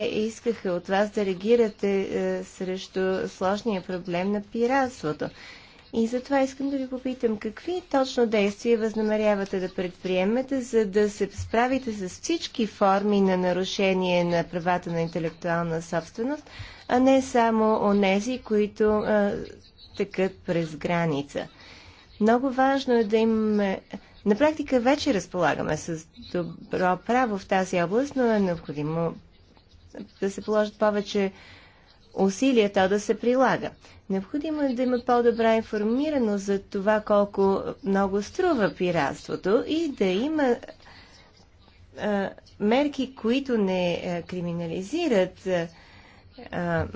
Е, искаха от вас да реагирате е, срещу сложния проблем на пиратството. И затова искам да ви попитам, какви точно действия възнамерявате да предприемете, за да се справите с всички форми на нарушение на правата на интелектуална собственост, а не само онези, които е, тъкат през граница. Много важно е да имаме... На практика вече разполагаме с добро право в тази област, но е необходимо да се положат повече усилия то да се прилага. Необходимо е да има по-добра информираност за това колко много струва пиратството и да има а, мерки, които не а, криминализират а, а,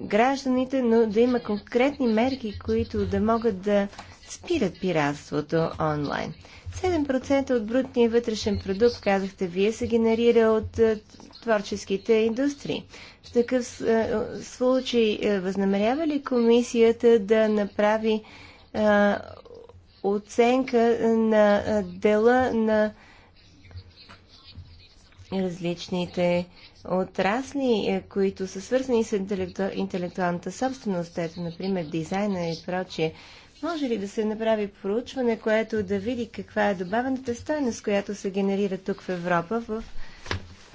гражданите, но да има конкретни мерки, които да могат да спират пиратството онлайн. 7% от брутния вътрешен продукт, казахте вие, се генерира от творческите индустрии. В такъв е, случай е, възнамерява ли комисията да направи а, е, оценка на дела на различните отрасли, които са свързани с интелекту... интелектуалната собственост, ето, например, дизайна и прочие. Може ли да се направи проучване, което да види каква е добавената стойност, която се генерира тук в Европа в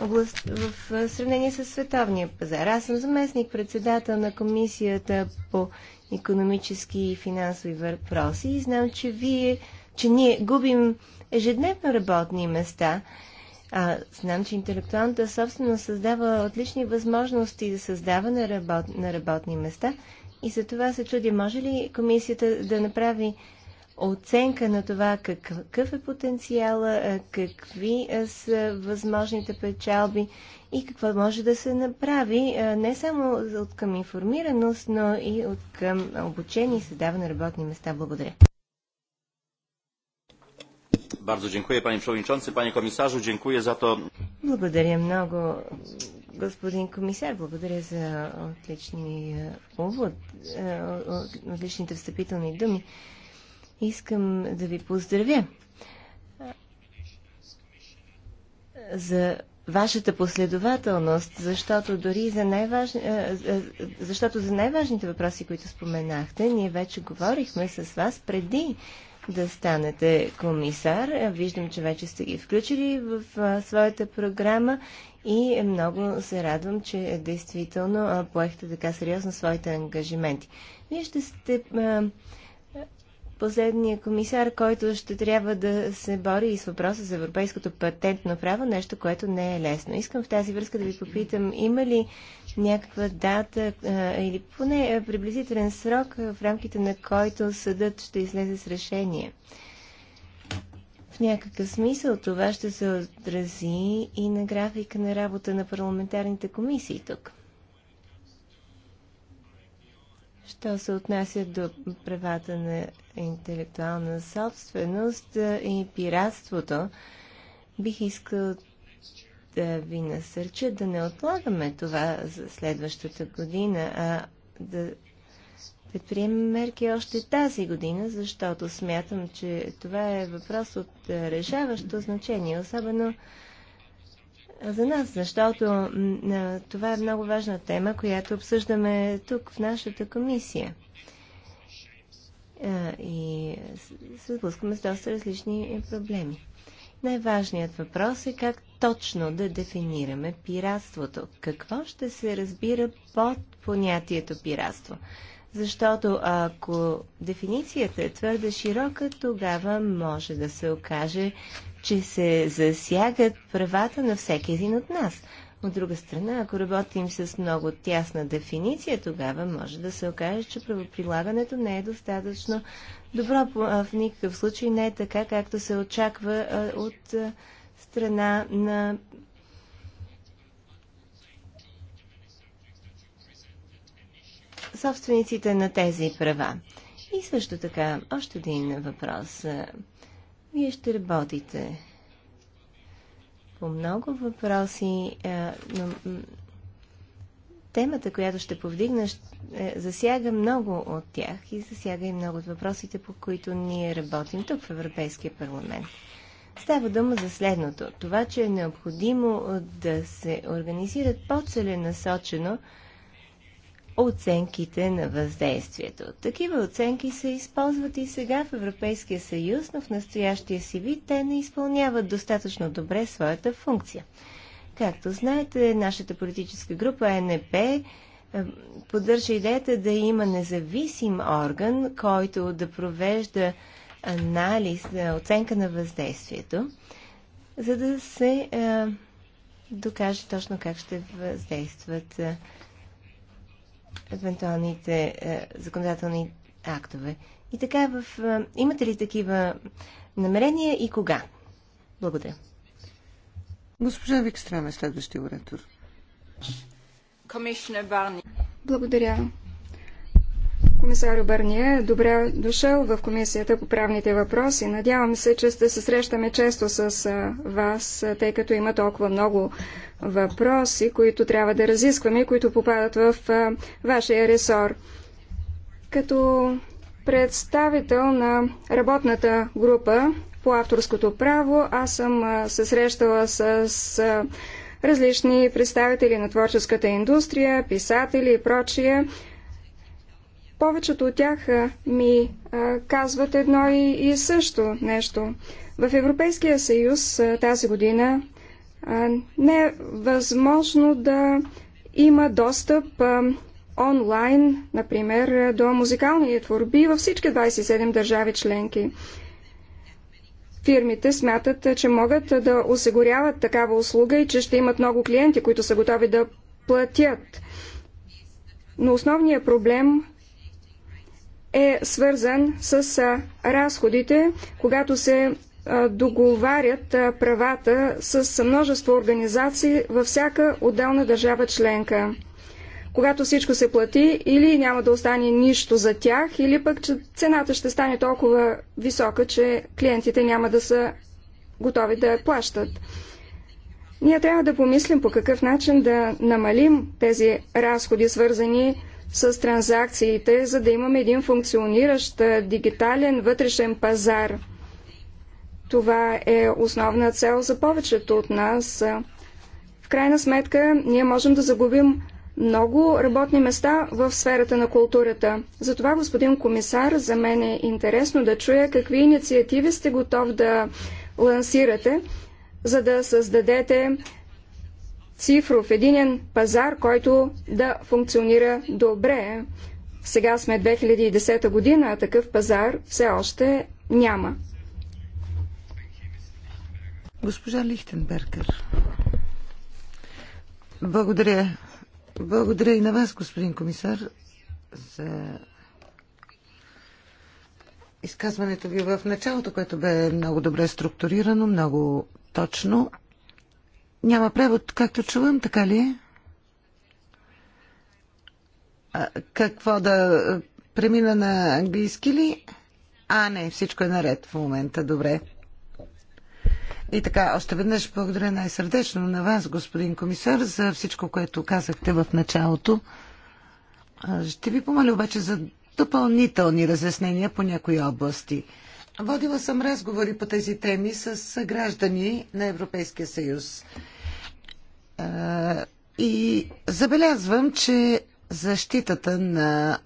област, в сравнение с световния пазар. Аз съм заместник председател на комисията по економически и финансови въпроси и знам, че вие, че ние губим ежедневно работни места. А, знам, че интелектуалната собственост създава отлични възможности за създаване на работни места и за това се чудя, може ли комисията да направи оценка на това какъв е потенциала, какви са възможните печалби и какво може да се направи не само от към информираност, но и от към обучение и създаване на работни места. Благодаря. Bardzo dziękuję panie przewodniczący, panie komisarzu, dziękuję za to. Благодаря много, господин комисар, благодаря за отличния увод, отличните встъпителни думи. Искам да ви поздравя за вашата последователност, защото дори за най-важни, защото за най-важните въпроси, които споменахте, ние вече говорихме с вас преди да станете комисар. Виждам, че вече сте ги включили в своята програма и много се радвам, че действително поехте така сериозно своите ангажименти. Вие ще сте последния комисар, който ще трябва да се бори и с въпроса за европейското патентно право, нещо, което не е лесно. Искам в тази връзка да ви попитам, има ли някаква дата а, или поне приблизителен срок, в рамките на който съдът ще излезе с решение? В някакъв смисъл това ще се отрази и на графика на работа на парламентарните комисии тук. Що се отнася до правата на интелектуална собственост и пиратството, бих искал да ви насърча да не отлагаме това за следващата година, а да предприемем мерки още тази година, защото смятам, че това е въпрос от решаващо значение, особено за нас, защото това е много важна тема, която обсъждаме тук в нашата комисия. И се сблъскваме с доста различни проблеми. Най-важният въпрос е как точно да дефинираме пиратството. Какво ще се разбира под понятието пиратство? Защото ако дефиницията е твърде широка, тогава може да се окаже, че се засягат правата на всеки един от нас. От друга страна, ако работим с много тясна дефиниция, тогава може да се окаже, че правоприлагането не е достатъчно добро. В никакъв случай не е така, както се очаква от страна на собствениците на тези права. И също така, още един въпрос. Вие ще работите по много въпроси, е, но темата, която ще повдигна, е, засяга много от тях и засяга и много от въпросите, по които ние работим тук в Европейския парламент. Става дума за следното. Това, че е необходимо да се организират по-целенасочено оценките на въздействието. Такива оценки се използват и сега в Европейския съюз, но в настоящия си вид те не изпълняват достатъчно добре своята функция. Както знаете, нашата политическа група НП е, поддържа идеята да има независим орган, който да провежда анализ, е, оценка на въздействието, за да се е, докаже точно как ще въздействат евентуалните е, законодателни актове. И така, в, е, имате ли такива намерения и кога? Благодаря. Госпожа Викстрем е следващия оратор. Благодаря. Комисар Барния, добре дошъл в Комисията по правните въпроси. Надявам се, че ще се срещаме често с е, вас, е, тъй като има толкова много въпроси, които трябва да разискваме и които попадат в а, вашия ресор. Като представител на работната група по авторското право, аз съм а, се срещала с а, различни представители на творческата индустрия, писатели и прочие. Повечето от тях ми казват едно и, и също нещо. В Европейския съюз тази година не е възможно да има достъп онлайн, например, до музикални творби във всички 27 държави членки. Фирмите смятат, че могат да осигуряват такава услуга и че ще имат много клиенти, които са готови да платят. Но основният проблем е свързан с разходите, когато се договарят правата с множество организации във всяка отделна държава членка. Когато всичко се плати, или няма да остане нищо за тях, или пък че цената ще стане толкова висока, че клиентите няма да са готови да я плащат. Ние трябва да помислим по какъв начин да намалим тези разходи, свързани с транзакциите, за да имаме един функциониращ дигитален вътрешен пазар – това е основна цел за повечето от нас. В крайна сметка, ние можем да загубим много работни места в сферата на културата. Затова, господин комисар, за мен е интересно да чуя какви инициативи сте готов да лансирате, за да създадете цифров единен пазар, който да функционира добре. Сега сме 2010 година, а такъв пазар все още няма. Госпожа Лихтенбергер. Благодаря. Благодаря и на вас, господин комисар, за изказването ви в началото, което бе много добре структурирано, много точно. Няма превод, както чувам, така ли е? какво да премина на английски ли? А, не, всичко е наред в момента, добре. И така, още веднъж благодаря най-сърдечно на вас, господин комисар, за всичко, което казахте в началото. Ще ви помоля обаче за допълнителни разяснения по някои области. Водила съм разговори по тези теми с граждани на Европейския съюз. И забелязвам, че защитата на